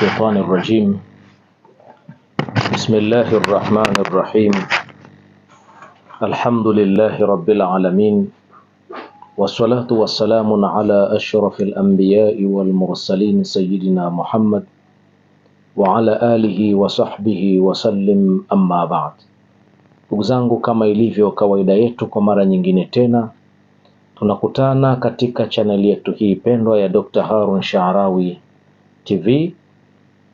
الشيطان الرجيم بسم الله الرحمن الرحيم الحمد لله رب العالمين والصلاة والسلام على أشرف الأنبياء والمرسلين سيدنا محمد وعلى آله وصحبه وسلم أما بعد Ndugu zangu, kama ilivyo kawaida yetu, kwa mara nyingine tena tunakutana katika chaneli yetu hii pendwa ya Dr. Harun Shahrawi TV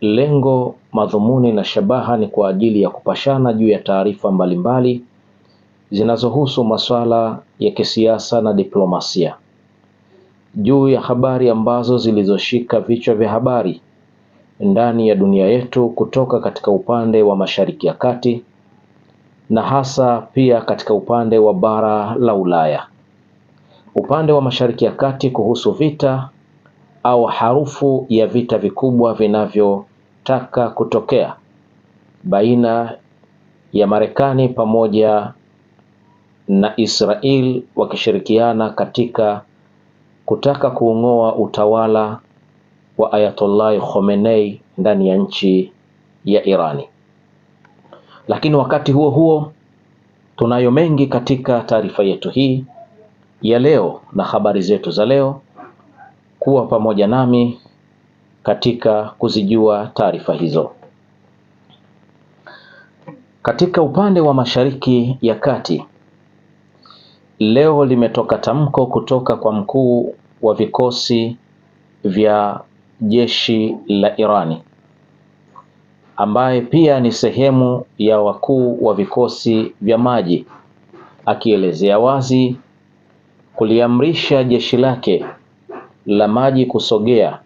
lengo, madhumuni na shabaha ni kwa ajili ya kupashana juu ya taarifa mbalimbali zinazohusu masuala ya kisiasa na diplomasia, juu ya habari ambazo zilizoshika vichwa vya habari ndani ya dunia yetu kutoka katika upande wa Mashariki ya Kati na hasa pia katika upande wa bara la Ulaya. Upande wa Mashariki ya Kati kuhusu vita au harufu ya vita vikubwa vinavyotaka kutokea baina ya Marekani pamoja na Israel wakishirikiana katika kutaka kuung'oa utawala wa Ayatollah Khomeini ndani ya nchi ya Irani. Lakini wakati huo huo tunayo mengi katika taarifa yetu hii ya leo na habari zetu za leo kuwa pamoja nami katika kuzijua taarifa hizo. Katika upande wa Mashariki ya Kati, leo limetoka tamko kutoka kwa mkuu wa vikosi vya jeshi la Irani ambaye pia ni sehemu ya wakuu wa vikosi vya maji, akielezea wazi kuliamrisha jeshi lake la maji kusogea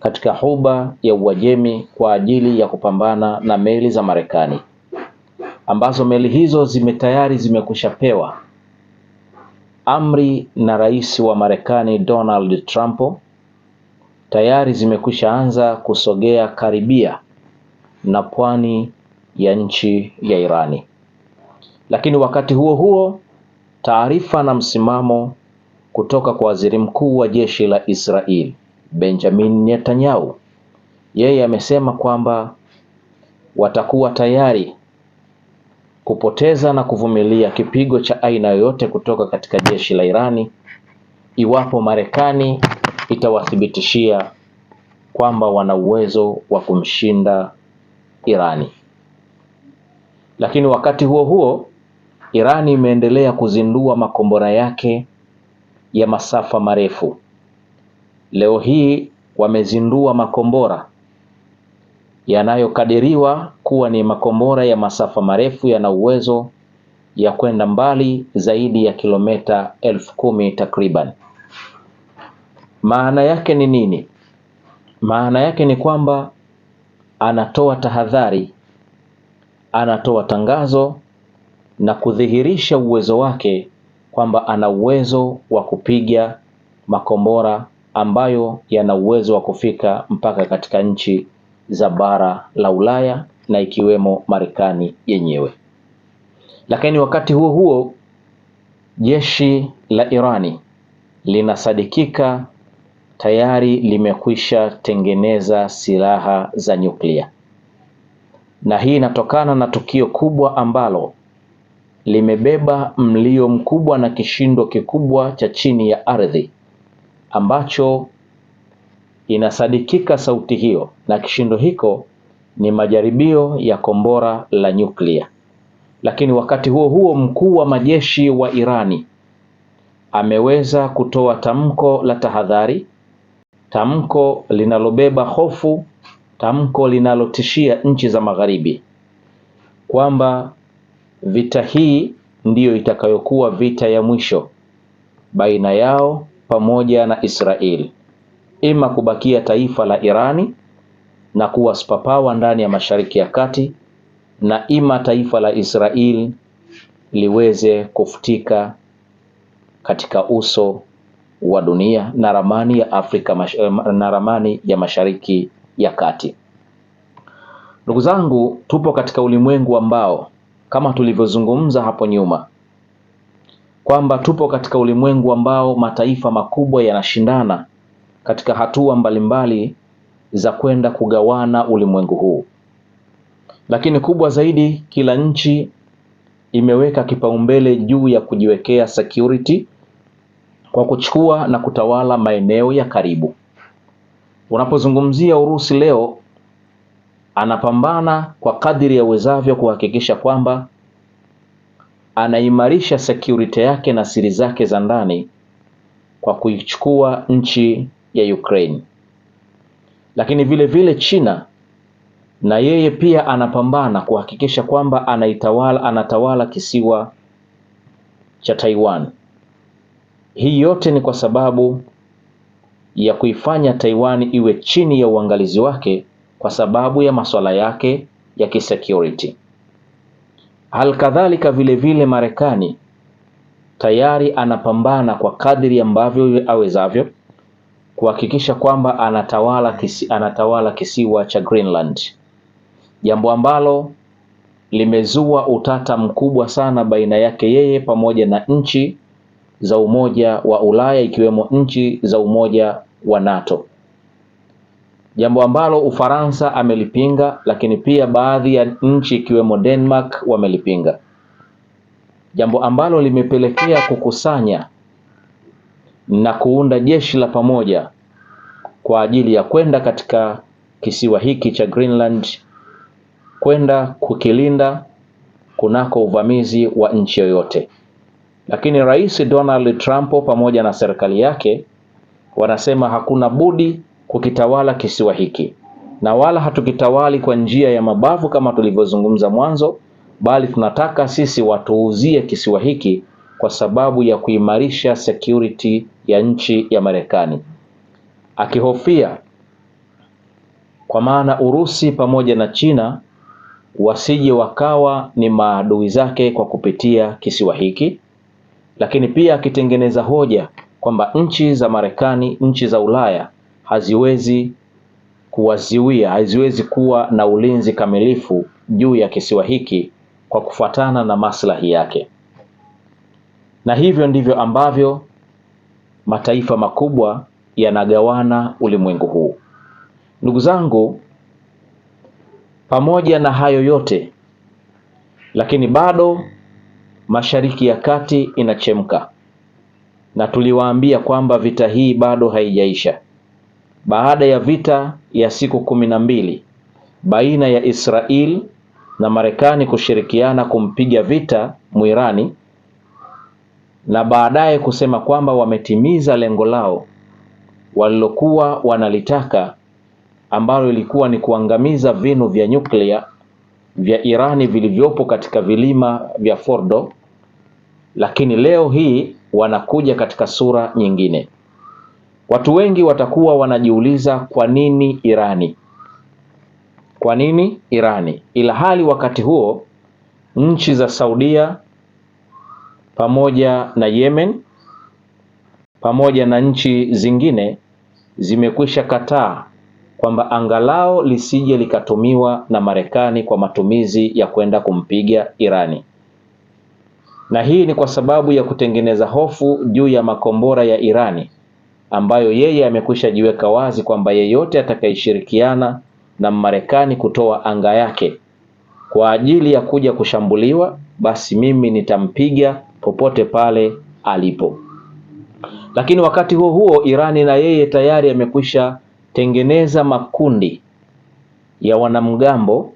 katika huba ya Uajemi kwa ajili ya kupambana na meli za Marekani ambazo meli hizo zimetayari zimekushapewa amri na rais wa Marekani Donald Trump, tayari zimekushaanza anza kusogea karibia na pwani ya nchi ya Irani. Lakini wakati huo huo, taarifa na msimamo kutoka kwa waziri mkuu wa jeshi la Israel Benjamin Netanyahu. Yeye amesema kwamba watakuwa tayari kupoteza na kuvumilia kipigo cha aina yoyote kutoka katika jeshi la Irani iwapo Marekani itawathibitishia kwamba wana uwezo wa kumshinda Irani. Lakini wakati huo huo, Irani imeendelea kuzindua makombora yake ya masafa marefu. Leo hii wamezindua makombora yanayokadiriwa kuwa ni makombora ya masafa marefu yana uwezo ya kwenda mbali zaidi ya kilomita elfu kumi takriban. Maana yake ni nini? Maana yake ni kwamba anatoa tahadhari, anatoa tangazo na kudhihirisha uwezo wake kwamba ana uwezo wa kupiga makombora ambayo yana uwezo wa kufika mpaka katika nchi za bara la Ulaya na ikiwemo Marekani yenyewe. Lakini wakati huo huo jeshi la Irani linasadikika tayari limekwisha tengeneza silaha za nyuklia, na hii inatokana na tukio kubwa ambalo limebeba mlio mkubwa na kishindo kikubwa cha chini ya ardhi ambacho inasadikika sauti hiyo na kishindo hiko ni majaribio ya kombora la nyuklia. Lakini wakati huo huo, mkuu wa majeshi wa Irani ameweza kutoa tamko la tahadhari, tamko linalobeba hofu, tamko linalotishia nchi za Magharibi kwamba Vita hii ndiyo itakayokuwa vita ya mwisho baina yao pamoja na Israeli, ima kubakia taifa la Irani na kuwa spapawa ndani ya Mashariki ya Kati, na ima taifa la Israeli liweze kufutika katika uso wa dunia na ramani ya Afrika eh, na ramani ya Mashariki ya Kati. Ndugu zangu, tupo katika ulimwengu ambao kama tulivyozungumza hapo nyuma kwamba tupo katika ulimwengu ambao mataifa makubwa yanashindana katika hatua mbalimbali za kwenda kugawana ulimwengu huu. Lakini kubwa zaidi, kila nchi imeweka kipaumbele juu ya kujiwekea security kwa kuchukua na kutawala maeneo ya karibu. Unapozungumzia Urusi leo, anapambana kwa kadiri ya uwezavyo kuhakikisha kwamba anaimarisha security yake na siri zake za ndani kwa kuichukua nchi ya Ukraine. Lakini vile vile China na yeye pia anapambana kuhakikisha kwamba anaitawala, anatawala kisiwa cha Taiwan. Hii yote ni kwa sababu ya kuifanya Taiwan iwe chini ya uangalizi wake kwa sababu ya masuala yake ya kisecurity. Halkadhalika vile vile Marekani tayari anapambana kwa kadri ambavyo awezavyo kuhakikisha kwamba anatawala, kisi, anatawala kisiwa cha Greenland, jambo ambalo limezua utata mkubwa sana baina yake yeye pamoja na nchi za Umoja wa Ulaya ikiwemo nchi za Umoja wa NATO jambo ambalo Ufaransa amelipinga, lakini pia baadhi ya nchi ikiwemo Denmark wamelipinga, jambo ambalo limepelekea kukusanya na kuunda jeshi la pamoja kwa ajili ya kwenda katika kisiwa hiki cha Greenland kwenda kukilinda kunako uvamizi wa nchi yoyote. Lakini Rais Donald Trump pamoja na serikali yake wanasema hakuna budi kukitawala kisiwa hiki, na wala hatukitawali kwa njia ya mabavu kama tulivyozungumza mwanzo, bali tunataka sisi watuuzie kisiwa hiki kwa sababu ya kuimarisha security ya nchi ya Marekani, akihofia kwa maana Urusi pamoja na China wasije wakawa ni maadui zake kwa kupitia kisiwa hiki, lakini pia akitengeneza hoja kwamba nchi za Marekani, nchi za Ulaya haziwezi kuwaziwia, haziwezi kuwa na ulinzi kamilifu juu ya kisiwa hiki kwa kufuatana na maslahi yake. Na hivyo ndivyo ambavyo mataifa makubwa yanagawana ulimwengu huu. Ndugu zangu, pamoja na hayo yote lakini bado Mashariki ya Kati inachemka, na tuliwaambia kwamba vita hii bado haijaisha baada ya vita ya siku kumi na mbili baina ya Israel na Marekani kushirikiana kumpiga vita Mwirani na baadaye kusema kwamba wametimiza lengo lao walilokuwa wanalitaka ambalo ilikuwa ni kuangamiza vinu vya nyuklia vya Irani vilivyopo katika vilima vya Fordo, lakini leo hii wanakuja katika sura nyingine. Watu wengi watakuwa wanajiuliza kwa nini Irani, kwa nini Irani, ila hali wakati huo nchi za Saudia pamoja na Yemen pamoja na nchi zingine zimekwisha kataa kwamba angalao lisije likatumiwa na Marekani kwa matumizi ya kwenda kumpiga Irani, na hii ni kwa sababu ya kutengeneza hofu juu ya makombora ya Irani ambayo yeye amekwisha jiweka wazi kwamba yeyote atakayeshirikiana na Marekani kutoa anga yake kwa ajili ya kuja kushambuliwa, basi mimi nitampiga popote pale alipo. Lakini wakati huo huo, Irani na yeye tayari amekwisha tengeneza makundi ya wanamgambo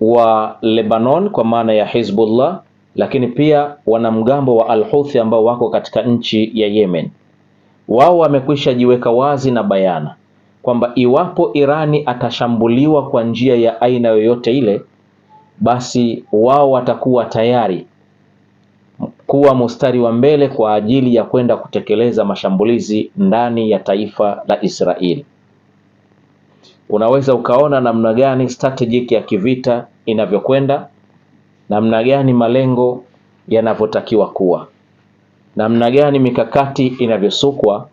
wa Lebanon kwa maana ya Hizbullah, lakini pia wanamgambo wa Al-Houthi ambao wako katika nchi ya Yemen wao wamekwisha jiweka wazi na bayana kwamba iwapo Irani atashambuliwa kwa njia ya aina yoyote ile, basi wao watakuwa tayari kuwa mstari wa mbele kwa ajili ya kwenda kutekeleza mashambulizi ndani ya taifa la Israeli. Unaweza ukaona namna gani strategic ya kivita inavyokwenda, namna gani malengo yanavyotakiwa kuwa namna gani mikakati inavyosukwa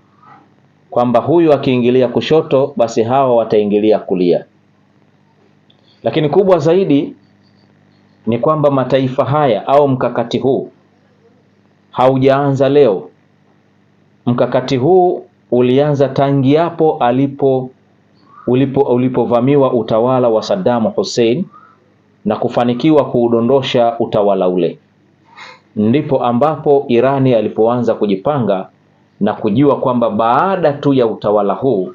kwamba huyu akiingilia kushoto basi hawa wataingilia kulia. Lakini kubwa zaidi ni kwamba mataifa haya au mkakati huu haujaanza leo. Mkakati huu ulianza tangiapo alipo ulipo ulipovamiwa utawala wa Saddam Hussein na kufanikiwa kuudondosha utawala ule ndipo ambapo Irani alipoanza kujipanga na kujua kwamba baada tu ya utawala huu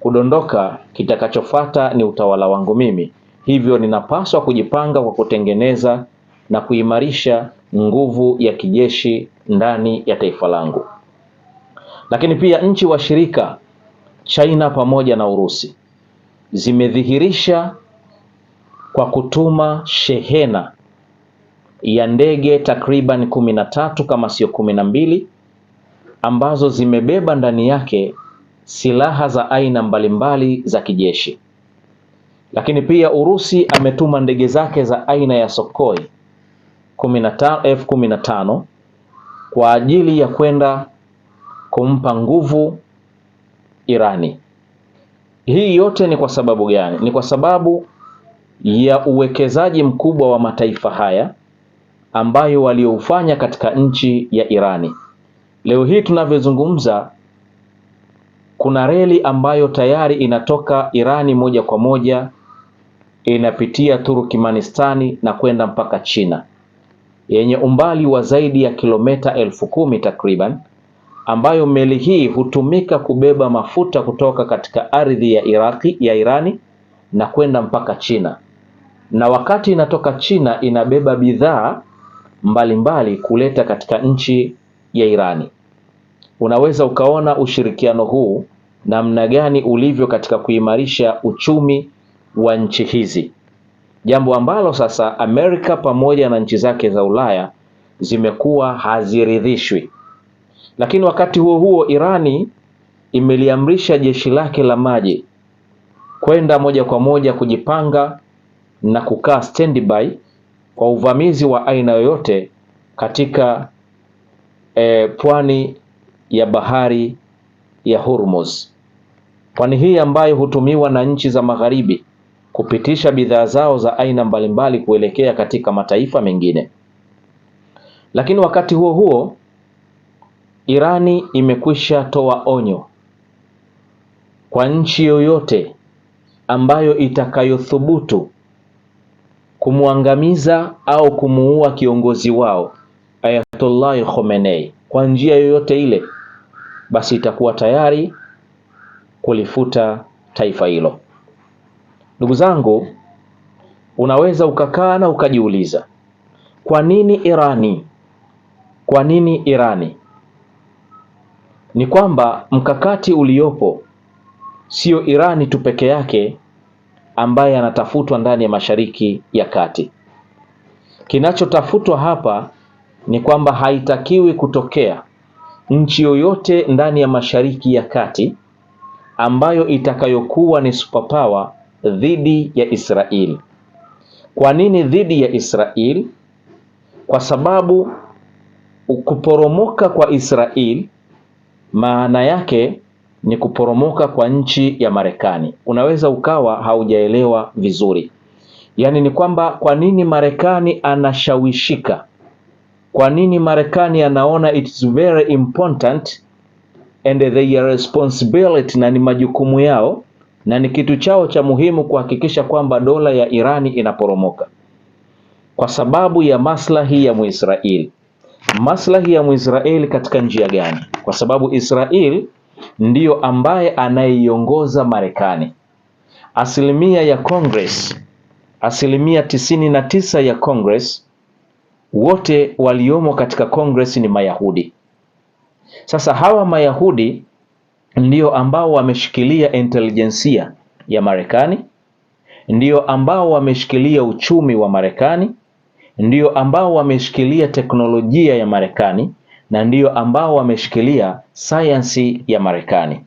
kudondoka, kitakachofuata ni utawala wangu mimi. Hivyo ninapaswa kujipanga kwa kutengeneza na kuimarisha nguvu ya kijeshi ndani ya taifa langu. Lakini pia nchi washirika China pamoja na Urusi zimedhihirisha kwa kutuma shehena ya ndege takriban kumi na tatu kama sio kumi na mbili ambazo zimebeba ndani yake silaha za aina mbalimbali za kijeshi. Lakini pia Urusi ametuma ndege zake za aina ya Sokoi F-15 kwa ajili ya kwenda kumpa nguvu Irani. Hii yote ni kwa sababu gani? Ni kwa sababu ya uwekezaji mkubwa wa mataifa haya ambayo walioufanya katika nchi ya Irani. Leo hii tunavyozungumza, kuna reli ambayo tayari inatoka Irani moja kwa moja inapitia Turkmenistani na kwenda mpaka China yenye umbali wa zaidi ya kilomita elfu kumi takriban, ambayo meli hii hutumika kubeba mafuta kutoka katika ardhi ya Iraki, ya Irani na kwenda mpaka China, na wakati inatoka China inabeba bidhaa mbalimbali kuleta katika nchi ya Irani. Unaweza ukaona ushirikiano huu namna gani ulivyo katika kuimarisha uchumi wa nchi hizi, jambo ambalo sasa Amerika pamoja na nchi zake za Ulaya zimekuwa haziridhishwi. Lakini wakati huo huo, Irani imeliamrisha jeshi lake la maji kwenda moja kwa moja kujipanga na kukaa standby kwa uvamizi wa aina yoyote katika e, pwani ya bahari ya Hormuz. Pwani hii ambayo hutumiwa na nchi za magharibi kupitisha bidhaa zao za aina mbalimbali kuelekea katika mataifa mengine. Lakini wakati huo huo, Irani imekwisha toa onyo kwa nchi yoyote ambayo itakayothubutu kumwangamiza au kumuua kiongozi wao Ayatollah Khomeini kwa njia yoyote ile, basi itakuwa tayari kulifuta taifa hilo. Ndugu zangu, unaweza ukakaa na ukajiuliza kwa nini Irani? Kwa nini Irani? Ni kwamba mkakati uliopo sio Irani tu peke yake, ambaye anatafutwa ndani ya Mashariki ya Kati. Kinachotafutwa hapa ni kwamba haitakiwi kutokea nchi yoyote ndani ya Mashariki ya Kati ambayo itakayokuwa ni superpower dhidi ya Israeli. Kwa nini dhidi ya Israeli? Kwa sababu kuporomoka kwa Israeli maana yake ni kuporomoka kwa nchi ya Marekani. Unaweza ukawa haujaelewa vizuri, yaani ni kwamba kwa nini Marekani anashawishika, kwa nini Marekani anaona it's very important and they are responsibility, na ni majukumu yao na ni kitu chao cha muhimu kuhakikisha kwamba dola ya Irani inaporomoka kwa sababu ya maslahi ya Mwisraeli. Maslahi ya Mwisraeli katika njia gani? Kwa sababu Israeli ndiyo ambaye anayeiongoza Marekani. Asilimia ya Congress, asilimia tisini na tisa ya Congress, wote waliomo katika Congress ni Mayahudi. Sasa hawa Mayahudi ndio ambao wameshikilia intelijensia ya Marekani, ndio ambao wameshikilia uchumi wa Marekani, ndio ambao wameshikilia teknolojia ya Marekani na ndiyo ambao wameshikilia sayansi ya Marekani.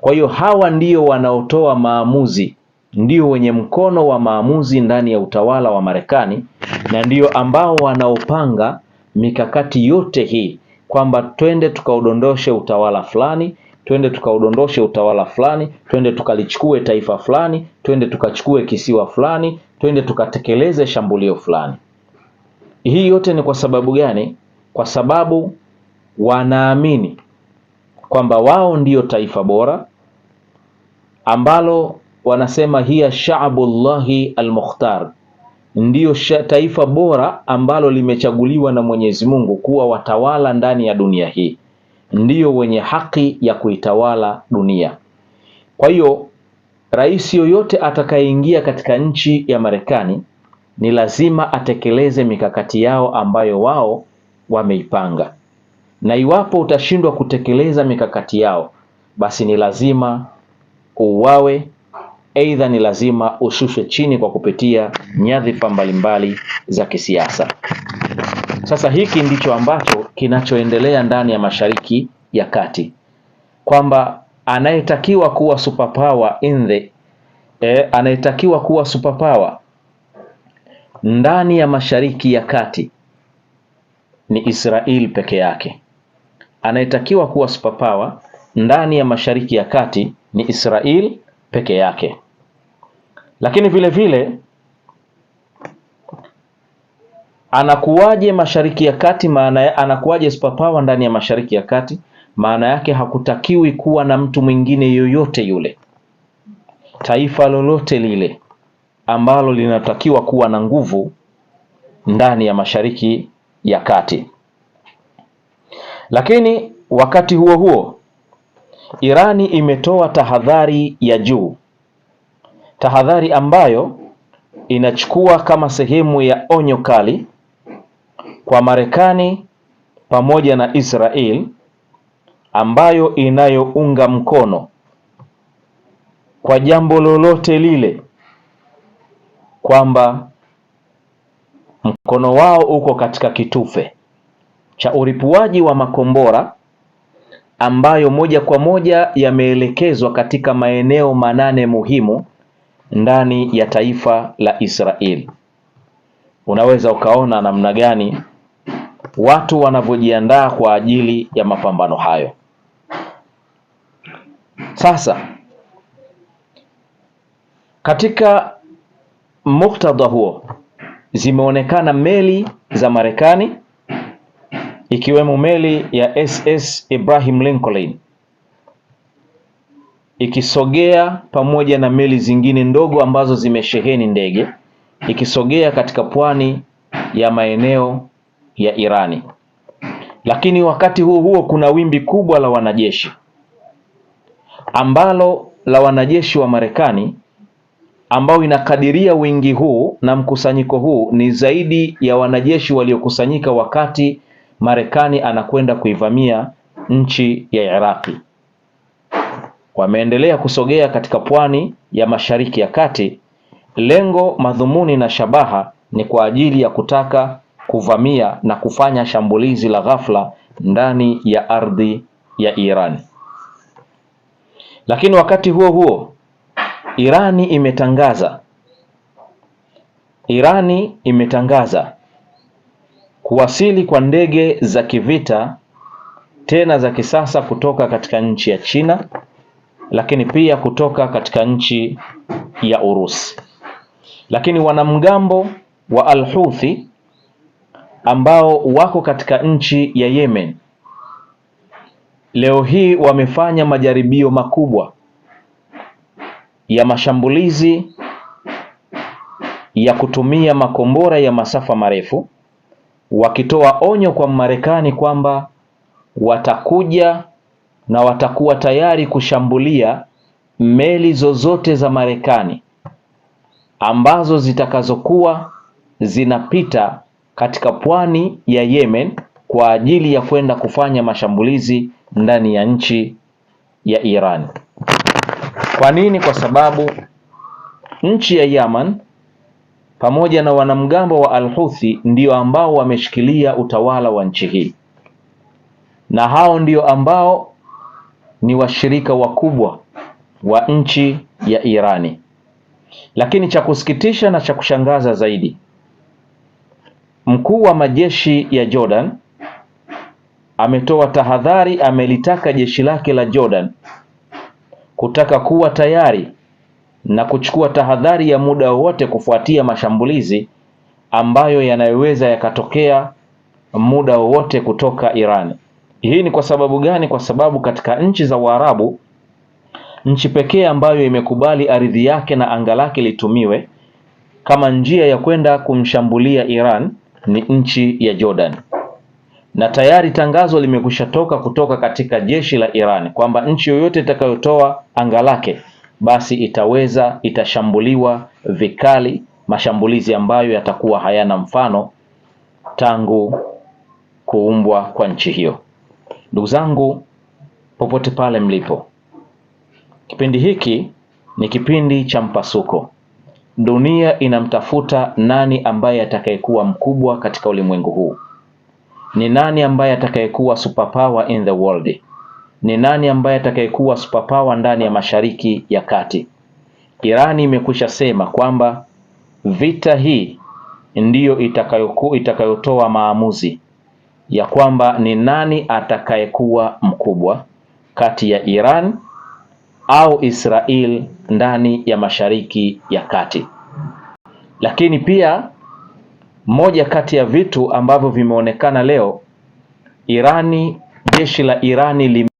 Kwa hiyo hawa ndio wanaotoa maamuzi, ndio wenye mkono wa maamuzi ndani ya utawala wa Marekani na ndiyo ambao wanaopanga mikakati yote hii kwamba twende tukaudondoshe utawala fulani, twende tukaudondoshe utawala fulani, twende tukalichukue taifa fulani, twende tukachukue kisiwa fulani, twende tukatekeleze shambulio fulani. Hii yote ni kwa sababu gani? Kwa sababu wanaamini kwamba wao ndiyo taifa bora ambalo wanasema hiya shabullahi almukhtar, ndiyo taifa bora ambalo limechaguliwa na Mwenyezi Mungu kuwa watawala ndani ya dunia hii, ndiyo wenye haki ya kuitawala dunia. Kwa hiyo rais yoyote atakayeingia katika nchi ya Marekani ni lazima atekeleze mikakati yao ambayo wao wameipanga na iwapo utashindwa kutekeleza mikakati yao, basi ni lazima uuawe, aidha ni lazima ushushwe chini kwa kupitia nyadhifa mbalimbali za kisiasa. Sasa hiki ndicho ambacho kinachoendelea ndani ya Mashariki ya Kati, kwamba anayetakiwa kuwa superpower in the eh, anayetakiwa kuwa superpower ndani ya Mashariki ya Kati ni Israeli peke yake anayetakiwa kuwa superpower ndani ya Mashariki ya Kati ni Israel peke yake. Lakini vile vile anakuwaje Mashariki ya Kati? Maana anakuwaje superpower ndani ya Mashariki ya Kati? Maana yake hakutakiwi kuwa na mtu mwingine yoyote yule, taifa lolote lile ambalo linatakiwa kuwa na nguvu ndani ya Mashariki ya Kati. Lakini wakati huo huo Irani imetoa tahadhari ya juu, tahadhari ambayo inachukua kama sehemu ya onyo kali kwa Marekani pamoja na Israel ambayo inayounga mkono kwa jambo lolote lile, kwamba mkono wao uko katika kitufe cha ulipuaji wa makombora ambayo moja kwa moja yameelekezwa katika maeneo manane muhimu ndani ya taifa la Israeli. Unaweza ukaona namna gani watu wanavyojiandaa kwa ajili ya mapambano hayo. Sasa katika muktadha huo zimeonekana meli za Marekani ikiwemo meli ya SS Abraham Lincoln ikisogea pamoja na meli zingine ndogo ambazo zimesheheni ndege ikisogea katika pwani ya maeneo ya Irani. Lakini wakati huo huo kuna wimbi kubwa la wanajeshi ambalo la wanajeshi wa Marekani ambao inakadiria wingi huu na mkusanyiko huu ni zaidi ya wanajeshi waliokusanyika wakati Marekani anakwenda kuivamia nchi ya Iraqi. Wameendelea kusogea katika pwani ya Mashariki ya Kati. Lengo, madhumuni na shabaha ni kwa ajili ya kutaka kuvamia na kufanya shambulizi la ghafla ndani ya ardhi ya Iran. Lakini wakati huo huo, Irani imetangaza Irani imetangaza Kuwasili kwa ndege za kivita tena za kisasa kutoka katika nchi ya China lakini pia kutoka katika nchi ya Urusi. Lakini wanamgambo wa Al-Houthi ambao wako katika nchi ya Yemen leo hii wamefanya majaribio makubwa ya mashambulizi ya kutumia makombora ya masafa marefu wakitoa onyo kwa Marekani kwamba watakuja na watakuwa tayari kushambulia meli zozote za Marekani ambazo zitakazokuwa zinapita katika pwani ya Yemen kwa ajili ya kwenda kufanya mashambulizi ndani ya nchi ya Iran. Kwa nini? Kwa sababu nchi ya Yemen pamoja na wanamgambo wa Alhuthi ndio ambao wameshikilia utawala wa nchi hii, na hao ndio ambao ni washirika wakubwa wa nchi ya Irani. Lakini cha kusikitisha na cha kushangaza zaidi, mkuu wa majeshi ya Jordan ametoa tahadhari, amelitaka jeshi lake la Jordan kutaka kuwa tayari na kuchukua tahadhari ya muda wowote kufuatia mashambulizi ambayo yanayoweza yakatokea muda wowote kutoka Iran. Hii ni kwa sababu gani? Kwa sababu katika nchi za Waarabu, nchi pekee ambayo imekubali ardhi yake na anga lake litumiwe kama njia ya kwenda kumshambulia Iran ni nchi ya Jordan, na tayari tangazo limekushatoka kutoka katika jeshi la Iran kwamba nchi yoyote itakayotoa anga lake basi itaweza itashambuliwa vikali, mashambulizi ambayo yatakuwa hayana mfano tangu kuumbwa kwa nchi hiyo. Ndugu zangu, popote pale mlipo, kipindi hiki ni kipindi cha mpasuko. Dunia inamtafuta nani ambaye atakayekuwa mkubwa katika ulimwengu huu, ni nani ambaye atakayekuwa superpower in the world ni nani ambaye atakayekuwa superpower ndani ya Mashariki ya Kati. Irani imekwisha sema kwamba vita hii ndiyo itakayoku, itakayotoa maamuzi ya kwamba ni nani atakayekuwa mkubwa kati ya Iran au Israel ndani ya Mashariki ya Kati. Lakini pia moja kati ya vitu ambavyo vimeonekana leo Irani, jeshi la Irani